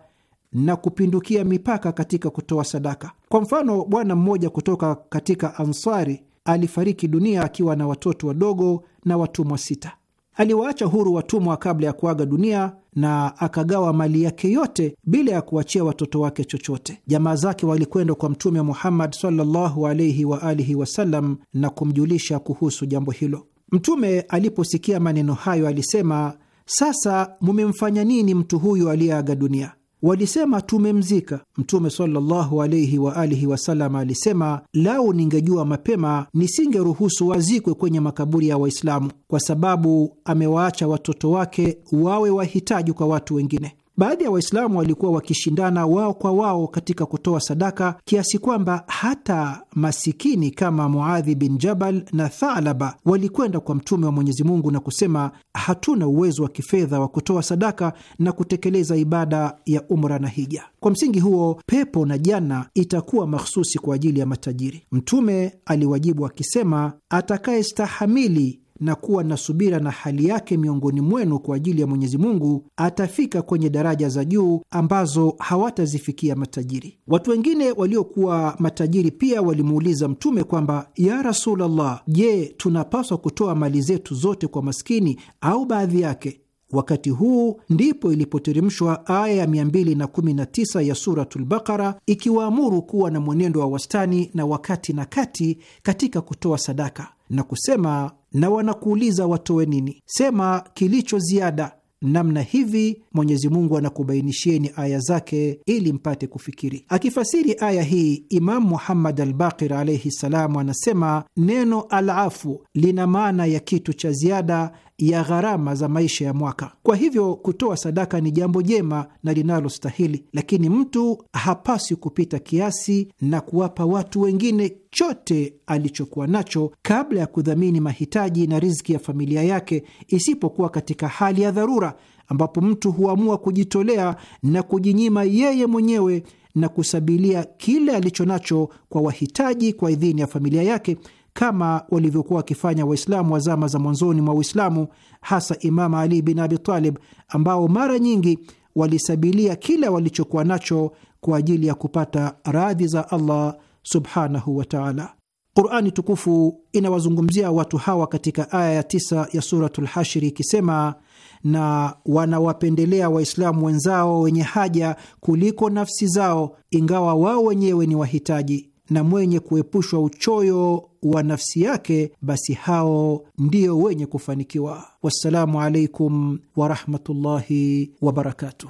na kupindukia mipaka katika kutoa sadaka. Kwa mfano, bwana mmoja kutoka katika Ansari alifariki dunia akiwa na watoto wadogo na watumwa sita. Aliwaacha huru watumwa kabla ya kuaga dunia na akagawa mali yake yote bila ya kuachia watoto wake chochote. Jamaa zake walikwenda kwa Mtume Muhammad sallallahu alaihi wa alihi wasallam na kumjulisha kuhusu jambo hilo. Mtume aliposikia maneno hayo alisema sasa mumemfanya nini mtu huyu aliyeaga dunia? Walisema tumemzika. Mtume sallallahu alaihi wa alihi wasallam alisema, lau ningejua mapema nisingeruhusu wazikwe kwenye makaburi ya Waislamu, kwa sababu amewaacha watoto wake wawe wahitaji kwa watu wengine. Baadhi ya Waislamu walikuwa wakishindana wao kwa wao katika kutoa sadaka kiasi kwamba hata masikini kama Muadhi bin Jabal na Thalaba walikwenda kwa Mtume wa Mwenyezi Mungu na kusema, hatuna uwezo wa kifedha wa kutoa sadaka na kutekeleza ibada ya umra na hija. Kwa msingi huo, pepo na jana itakuwa mahsusi kwa ajili ya matajiri. Mtume aliwajibu akisema, atakayestahamili na kuwa na subira na hali yake miongoni mwenu kwa ajili ya Mwenyezi Mungu, atafika kwenye daraja za juu ambazo hawatazifikia matajiri. Watu wengine waliokuwa matajiri pia walimuuliza Mtume kwamba, ya Rasulallah, je, tunapaswa kutoa mali zetu zote kwa maskini au baadhi yake? Wakati huu ndipo ilipoteremshwa aya ya 219 ya Suratul ikiwaamuru kuwa na mwenendo wa wastani na wakati na kati katika kutoa sadaka na kusema na wanakuuliza watoe nini, sema kilicho ziada. Namna hivi Mwenyezi Mungu anakubainishieni aya zake ili mpate kufikiri. Akifasiri aya hii, Imamu Muhammad Albaqir alaihi salamu anasema neno alafu lina maana ya kitu cha ziada ya gharama za maisha ya mwaka. Kwa hivyo kutoa sadaka ni jambo jema na linalostahili, lakini mtu hapaswi kupita kiasi na kuwapa watu wengine chote alichokuwa nacho kabla ya kudhamini mahitaji na riziki ya familia yake, isipokuwa katika hali ya dharura ambapo mtu huamua kujitolea na kujinyima yeye mwenyewe na kusabilia kile alicho nacho kwa wahitaji kwa idhini ya familia yake kama walivyokuwa wakifanya Waislamu wa zama za mwanzoni mwa Uislamu, hasa Imamu Ali bin Abi Talib, ambao mara nyingi walisabilia kila walichokuwa nacho kwa ajili ya kupata radhi za Allah subhanahu wataala. Qurani tukufu inawazungumzia watu hawa katika aya ya tisa ya Suratul Hashri ikisema, na wanawapendelea Waislamu wenzao wenye haja kuliko nafsi zao, ingawa wao wenyewe ni wahitaji na mwenye kuepushwa uchoyo wa nafsi yake, basi hao ndio wenye kufanikiwa. Wassalamu alaikum warahmatullahi wabarakatuh.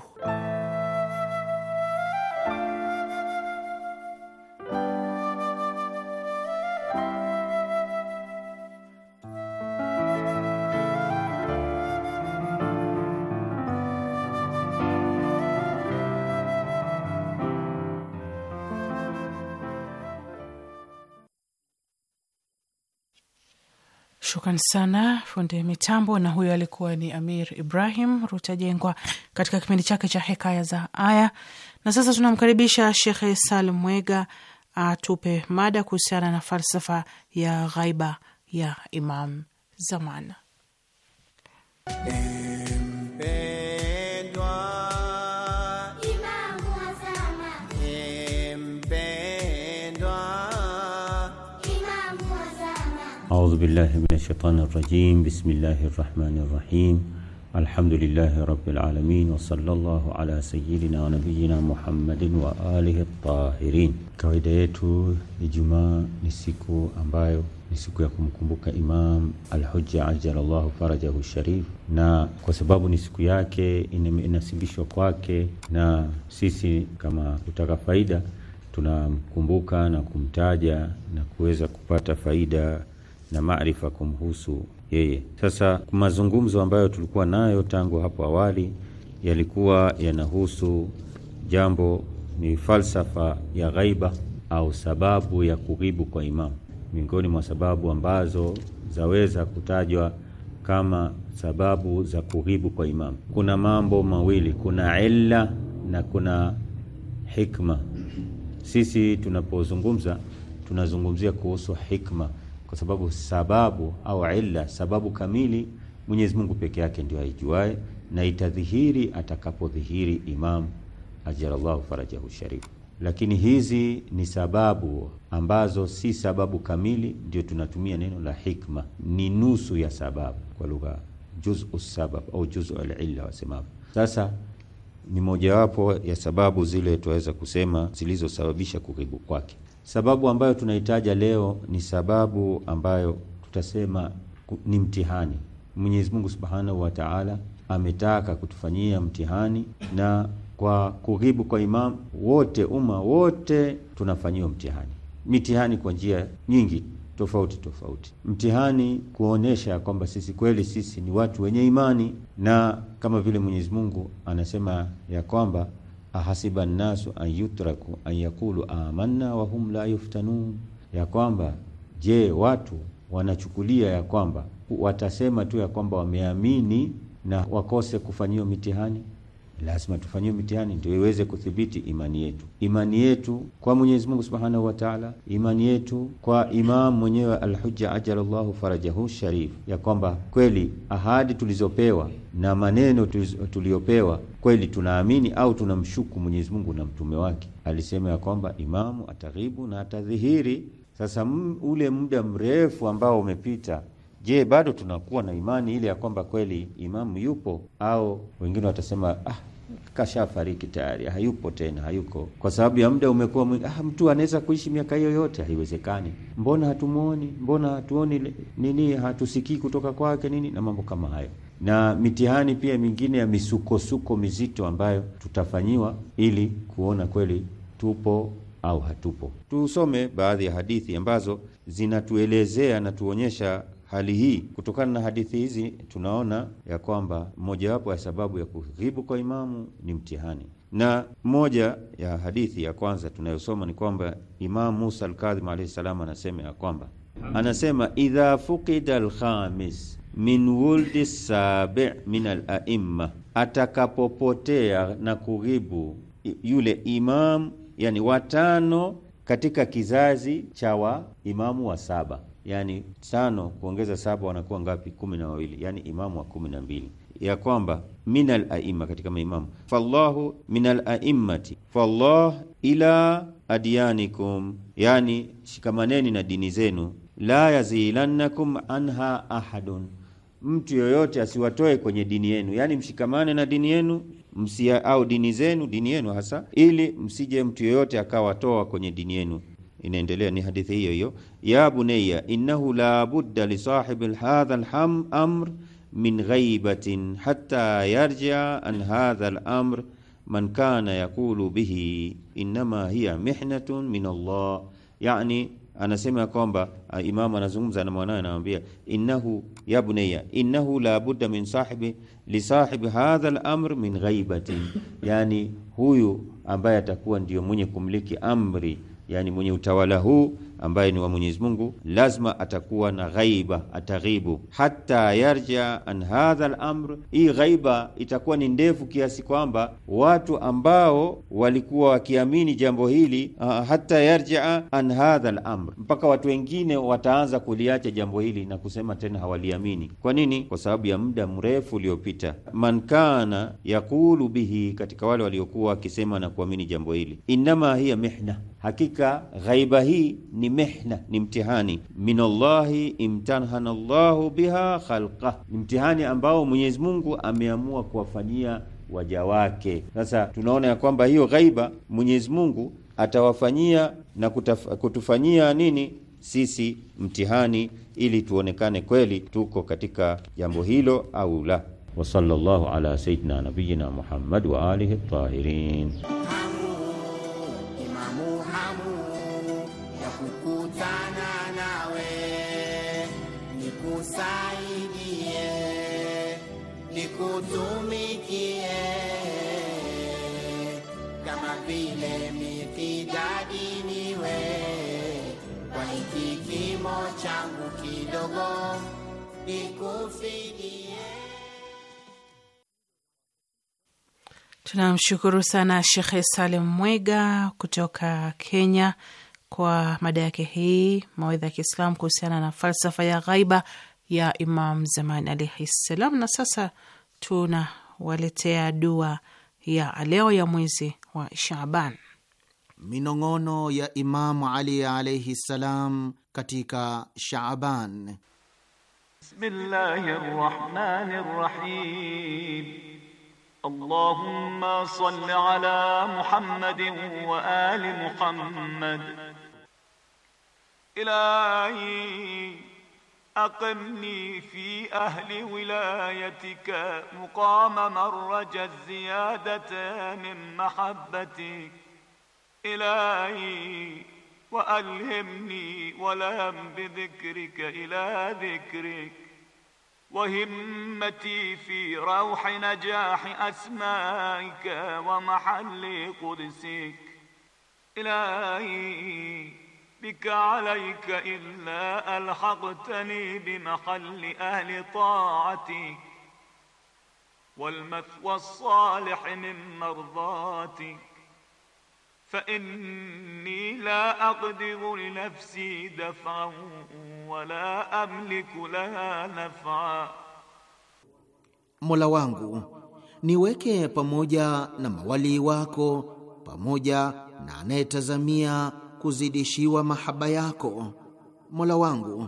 Shukran sana fundi mitambo, na huyo alikuwa ni Amir Ibrahim Rutajengwa katika kipindi chake cha Hekaya za Aya. Na sasa tunamkaribisha Shekhe Salim Mwega atupe mada kuhusiana na falsafa ya ghaiba ya Imam Zamana. Eh, أعوذ بالله من الشيطان الرجيم بسم الله الرحمن الرحيم الحمد لله رب العالمين وصلى الله على سيدنا ونبينا محمد وآله الطاهرين tahirin. Kawaida yetu Ijumaa ni siku ambayo ni siku ya kumkumbuka Imam Al-Hujja ajalallahu farajahu sharif, na kwa sababu ni siku yake inasibishwa kwake, na sisi kama kutaka faida tunamkumbuka na kumtaja na kuweza kupata faida na maarifa kumhusu yeye. Sasa mazungumzo ambayo tulikuwa nayo tangu hapo awali yalikuwa yanahusu jambo ni falsafa ya ghaiba au sababu ya kughibu kwa imamu. Miongoni mwa sababu ambazo zaweza kutajwa kama sababu za kughibu kwa imamu, kuna mambo mawili, kuna illa na kuna hikma. Sisi tunapozungumza tunazungumzia kuhusu hikma kwa sababu sababu au illa, sababu kamili Mwenyezi Mungu peke yake ndio aijuae na itadhihiri atakapodhihiri Imam ajalallahu farajahu sharif. Lakini hizi ni sababu ambazo si sababu kamili, ndio tunatumia neno la hikma, ni nusu ya sababu kwa lugha juzu sabab au juzu alilla wasemavyo. Sasa ni mojawapo ya sababu zile tuweza kusema zilizosababisha kuribu kwake. Sababu ambayo tunaitaja leo ni sababu ambayo tutasema ni mtihani. Mwenyezi Mungu Subhanahu wa Ta'ala ametaka kutufanyia mtihani, na kwa kughibu kwa imam wote, umma wote tunafanyiwa mtihani, mitihani kwa njia nyingi tofauti tofauti, mtihani kuonesha kwamba sisi kweli sisi ni watu wenye imani, na kama vile Mwenyezi Mungu anasema ya kwamba ahasiba nnasu an yutraku an yakulu amanna wa hum la yuftanun, ya kwamba je, watu wanachukulia ya kwamba watasema tu ya kwamba wameamini na wakose kufanyiwa mitihani lazima tufanyiwe mitihani ndio iweze kuthibiti imani yetu, imani yetu kwa Mwenyezi Mungu Subhanahu wa Ta'ala, imani yetu kwa Imam mwenyewe alhuja ajalallahu farajahu sharif, ya kwamba kweli ahadi tulizopewa na maneno tuliyopewa kweli tunaamini au tunamshuku Mwenyezi Mungu na mtume wake. Alisema ya kwamba imamu ataghibu na atadhihiri. Sasa ule muda mrefu ambao umepita Je, bado tunakuwa na imani ile ya kwamba kweli imamu yupo, au wengine watasema ah, kashafariki tayari, hayupo tena, hayuko kwa sababu ya muda umekuwa mwingi. Ah, mtu anaweza kuishi miaka hiyo yote? Haiwezekani. Mbona hatumuoni? Mbona hatuoni nini? Hatusikii kutoka kwake nini, na mambo kama hayo, na mitihani pia mingine ya misukosuko mizito ambayo tutafanyiwa ili kuona kweli tupo au hatupo. Tusome baadhi ya hadithi ambazo zinatuelezea na tuonyesha hali hii. Kutokana na hadithi hizi, tunaona ya kwamba mojawapo ya sababu ya kughibu kwa imamu ni mtihani na moja ya hadithi ya kwanza tunayosoma ni kwamba Imamu Musa Alkadhim alayhi salam anasema ya kwamba anasema idha fuqida alkhamis min wuldi sabi min alaimma, atakapopotea na kughibu yule imam, yani watano katika kizazi cha waimamu wa saba yani tano kuongeza saba wanakuwa ngapi? kumi na wawili, yani imamu wa kumi na mbili ya kwamba al aima katika maimamu, fallahu al aimmati, fallah ila adyanikum, yani shikamaneni na dini zenu, la yazilannakum anha ahadun, mtu yoyote asiwatoe kwenye dini yenu, yani mshikamane na dini yenu msia, au dini zenu, dini yenu hasa, ili msije mtu yoyote akawatoa kwenye dini yenu inaendelea ni hadithi hiyo hiyo, ya bunayya innahu la budda li sahibi hadha alham amr min ghaibatin hatta yarjia an hadha alamr man kana yaqulu bihi innama hiya mihnatun min Allah. Yani anasema kwamba imamu anazungumza na mwanawe, anamwambia innahu ya bunayya innahu la budda min sahibi li sahibi hadha alamr min ghaibatin, yani huyu ambaye atakuwa ndio mwenye kumiliki amri yani mwenye utawala huu ambaye ni wa Mwenyezi Mungu, lazima atakuwa na ghaiba, ataghibu hata yarja an hadha al-amr. Hii ghaiba itakuwa ni ndefu kiasi kwamba watu ambao walikuwa wakiamini jambo hili uh, ah, hata yarja an hadha al-amr, mpaka watu wengine wataanza kuliacha jambo hili na kusema tena hawaliamini. Kwa nini? Kwa sababu ya muda mrefu uliopita. Man kana yaqulu bihi, katika wale waliokuwa wakisema na kuamini jambo hili, innama hiya mihna, hakika ghaiba hii ni ni mehna, ni mtihani. Minallahi imtahana Allahu biha khalqa, ni mtihani ambao Mwenyezi Mungu ameamua kuwafanyia waja wake. Sasa tunaona ya kwamba hiyo ghaiba Mwenyezi Mungu atawafanyia na kutaf, kutufanyia nini sisi mtihani, ili tuonekane kweli tuko katika jambo hilo au la. Wa sallallahu ala sayyidina nabiyina Muhammad wa alihi tahirin. Hamu, imamu, hamu kukutana nawe, nikusaidie, nikutumikie kama vile mikidadiniwe kwa hiki kimo changu kidogo, nikufidie. Tunamshukuru sana Shekhe Salem Mwega kutoka Kenya kwa mada yake hii mawaidha ya Kiislamu kuhusiana na falsafa ya ghaiba ya Imam Zamani alaihi ssalam. Na sasa tunawaletea dua ya leo ya mwezi wa Shaban, minong'ono ya Imamu Ali alaihi ssalam katika Shaban. rahim. Allahumma salli ala Muhammadin wa ali Muhammad إلهي أقمني في أهل ولايتك مقام مرج الزيادة من محبتك إلهي وألهمني ولم بذكرك إلى ذكرك وهمتي في روح نجاح أسمائك ومحل قدسك إلهي bika alayka illa alhaqtani bimahalli ahli taati walmathwa alsalih min mardhati fainni la aqdiru linafsi daf'an wala amliku laha naf'a, Mola wangu niweke pamoja na mawalii wako pamoja na anayetazamia kuzidishiwa mahaba yako. Mola wangu,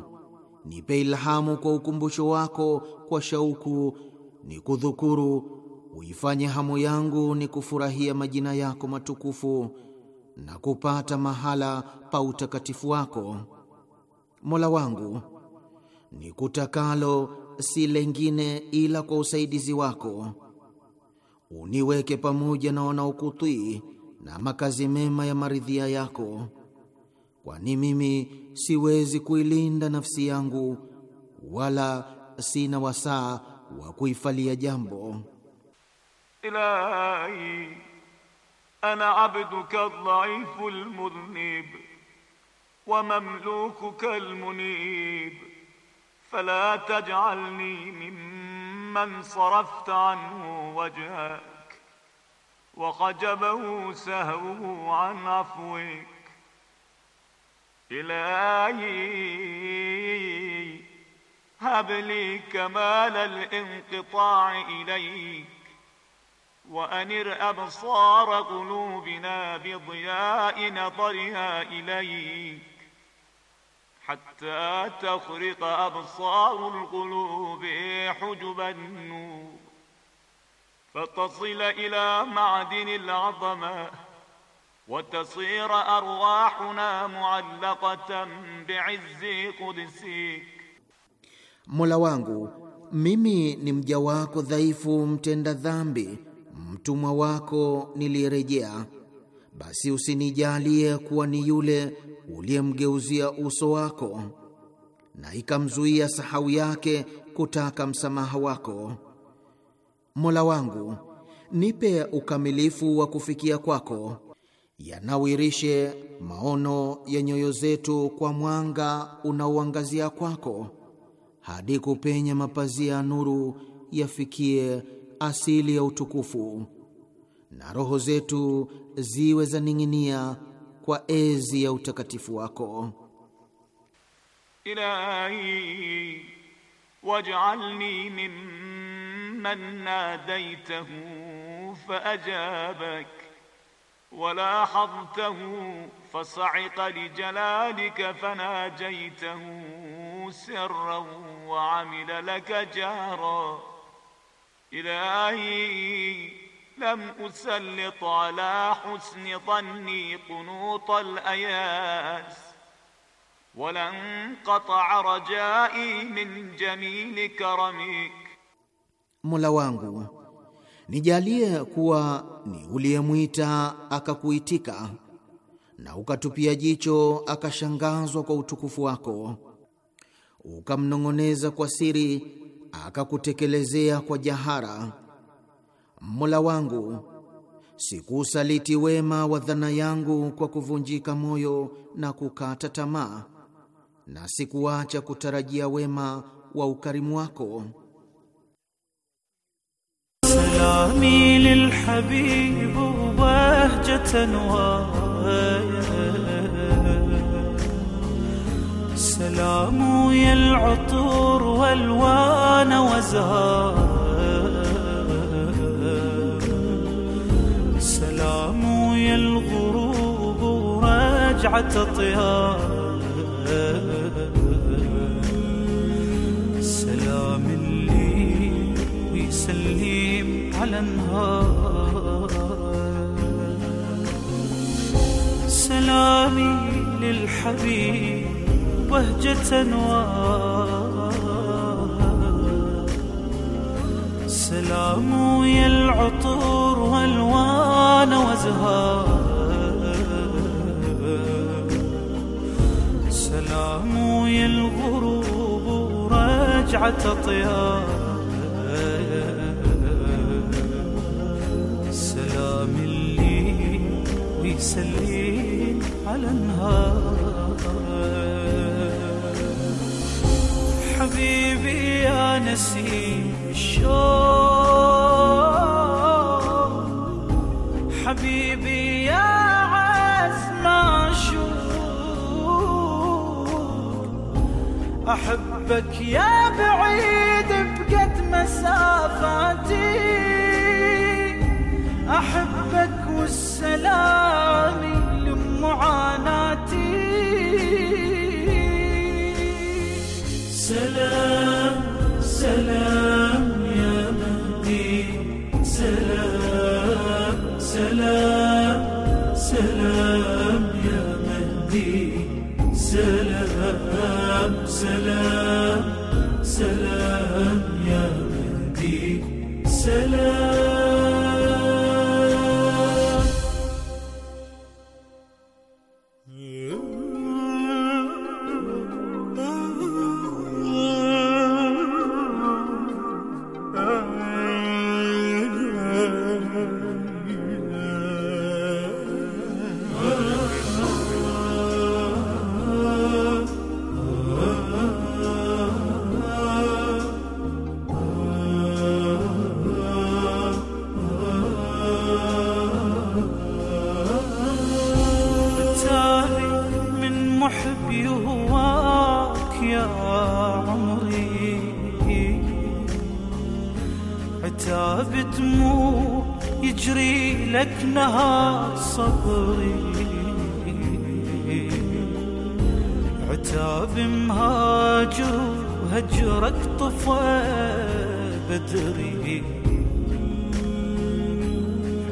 nipe ilhamu kwa ukumbusho wako, kwa shauku ni kudhukuru Uifanye hamu yangu ni kufurahia majina yako matukufu na kupata mahala pa utakatifu wako. Mola wangu, ni kutakalo si lengine ila kwa usaidizi wako. Uniweke pamoja na wanaokutii na makazi mema ya maridhia yako kwani mimi siwezi kuilinda nafsi yangu wala sina wasaa wa kuifalia jambo. Ilahi ana abduka dhaifu almudhnib wa mamlukuka almunib fala tajalni mimman sarafta anhu wajhak wa khajabahu sahwu an afwik إلهي هب لي كمال الانقطاع إليك وأنر أبصار قلوبنا بضياء نظرها إليك حتى تخرق أبصار القلوب حجب النور فتصل إلى معدن العظمه وتصير arwahuna muallaqatan بعز قدسك Mola wangu mimi ni mja wako dhaifu, mtenda dhambi, mtumwa wako nilirejea. Basi usinijalie kuwa ni yule uliyemgeuzia uso wako na ikamzuia sahau yake kutaka msamaha wako. Mola wangu nipe ukamilifu wa kufikia kwako yanawirishe maono ya nyoyo zetu kwa mwanga unaoangazia kwako, hadi kupenya mapazia ya nuru yafikie asili ya utukufu, na roho zetu ziwe zaning'inia kwa ezi ya utakatifu wako. Ilahi waj'alni mimman nadaitahu faajabak ولاحظته فصعق لجلالك فناجيته سرا وعمل لك جارا إلهي لم أسلط على حسن ظني قنوط الأياس ولن قطع رجائي من جميل كرمك ملوانغو Nijalie kuwa ni uliyemwita akakuitika, na ukatupia jicho akashangazwa kwa utukufu wako, ukamnong'oneza kwa siri, akakutekelezea kwa jahara. Mola wangu, sikuusaliti wema wa dhana yangu kwa kuvunjika moyo na kukata tamaa, na sikuacha kutarajia wema wa ukarimu wako سلامي للحبيب وبهجة نوايا سلام يا العطور والوان وزهار سلام يا الغروب ورجعة طيار على نهار سلامي للحبيب بهجة أنوار سلام ويا العطور وألوان وأزهار سلام ويا الغروب ورجعة أطيار سليت على النهار حبيبي يا نسيم الشوق حبيبي يا عز شوق أحبك يا بعيد بقد مسافاتي أحب سلامي لمعاناتي سلام سلام يا مهدي سلام سلام سلام يا مهدي سلام سلام سلام يا مهدي سلام لك نهار صبري عتاب مهاجر وهجرك طفى بدري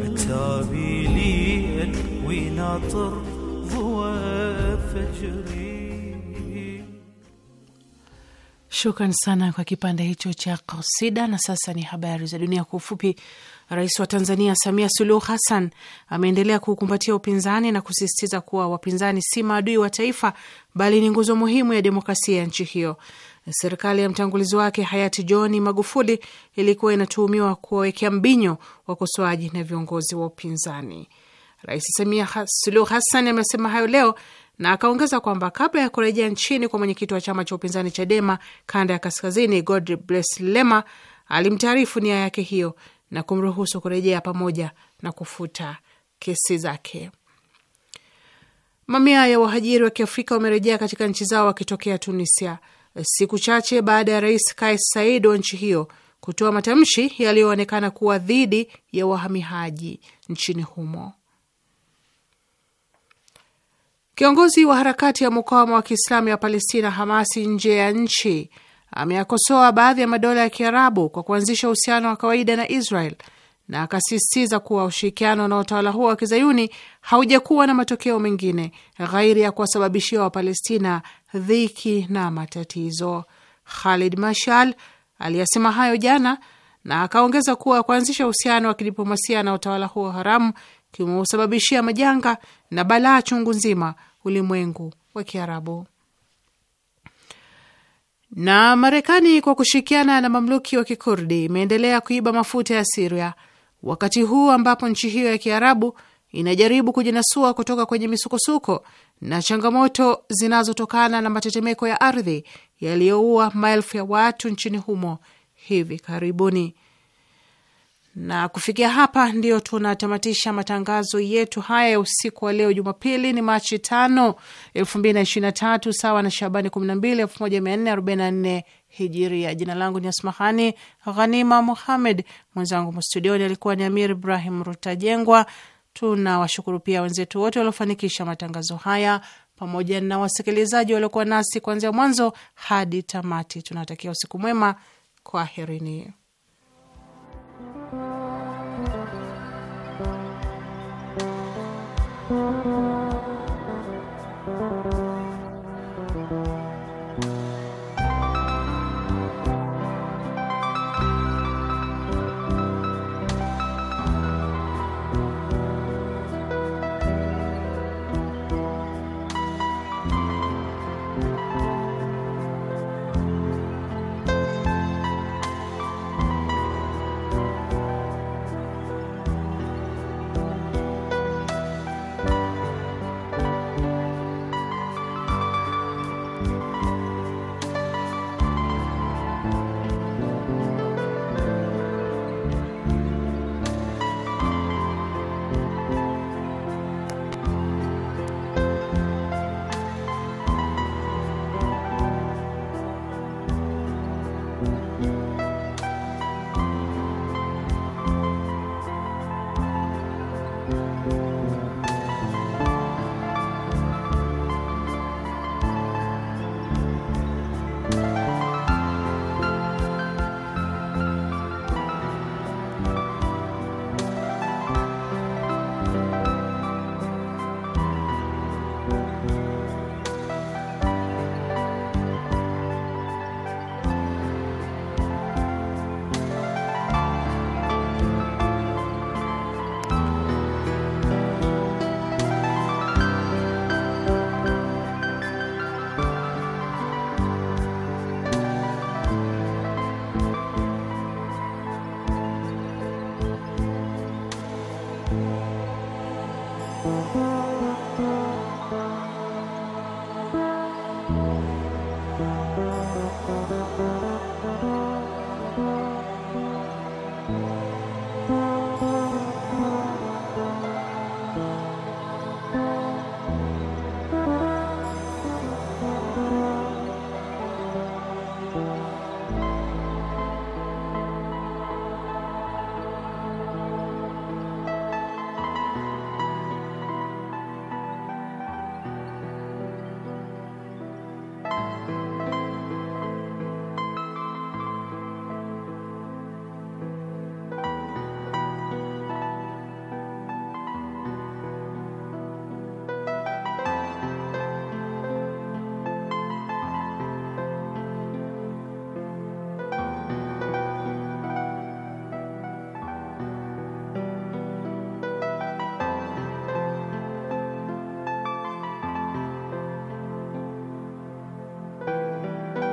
عتابي ليل ويناطر ضوى فجري Shukran sana kwa kipande hicho cha kosida, na sasa ni habari za dunia kwa ufupi. Rais wa Tanzania Samia Suluhu Hassan ameendelea kuukumbatia upinzani na kusisitiza kuwa wapinzani si maadui wa taifa bali ni nguzo muhimu ya demokrasia ya nchi hiyo. Serikali ya mtangulizi wake hayati John Magufuli ilikuwa inatuhumiwa kuwawekea mbinyo wakosoaji na viongozi wa upinzani. Rais Samia Suluhu Hassan amesema hayo leo na akaongeza kwamba kabla ya kurejea nchini kwa mwenyekiti wa chama cha upinzani Chadema kanda ya kaskazini Godbless Lema alimtaarifu nia yake hiyo na kumruhusu kurejea pamoja na kufuta kesi zake. Mamia ya wahajiri wa kiafrika wamerejea katika nchi zao wakitokea Tunisia siku chache baada ya rais Kais Saied wa nchi hiyo kutoa matamshi yaliyoonekana kuwa dhidi ya wahamiaji nchini humo. Kiongozi wa harakati ya mukawama wa Kiislamu ya Palestina, Hamasi, nje ya nchi ameyakosoa baadhi ya madola ya Kiarabu kwa kuanzisha uhusiano wa kawaida na Israel na akasisitiza kuwa ushirikiano na utawala huo wa kizayuni haujakuwa na matokeo mengine ghairi ya kuwasababishia Wapalestina dhiki na matatizo. Khalid Mashal aliyasema hayo jana na akaongeza kuwa kuanzisha uhusiano wa kidiplomasia na utawala huo haramu kimeusababishia majanga na balaa chungu nzima ulimwengu wa Kiarabu. Na Marekani kwa kushirikiana na mamluki wa kikurdi imeendelea kuiba mafuta ya Siria wakati huu ambapo nchi hiyo ya kiarabu inajaribu kujinasua kutoka kwenye misukosuko na changamoto zinazotokana na matetemeko ya ardhi yaliyoua maelfu ya watu nchini humo hivi karibuni. Na kufikia hapa ndiyo tunatamatisha matangazo yetu haya ya usiku wa leo Jumapili ni Machi tano elfu mbili na ishirini na tatu sawa na Shabani kumi na mbili elfu moja mia nne arobaini na nne hijiria. Jina langu ni Asmahani Ghanima Muhamed, mwenzangu mstudioni alikuwa ni Amir Ibrahim Rutajengwa. Tunawashukuru pia wenzetu wote waliofanikisha matangazo haya pamoja na wasikilizaji waliokuwa nasi kuanzia mwanzo hadi tamati. Tunawatakia usiku mwema, kwaherini. 了。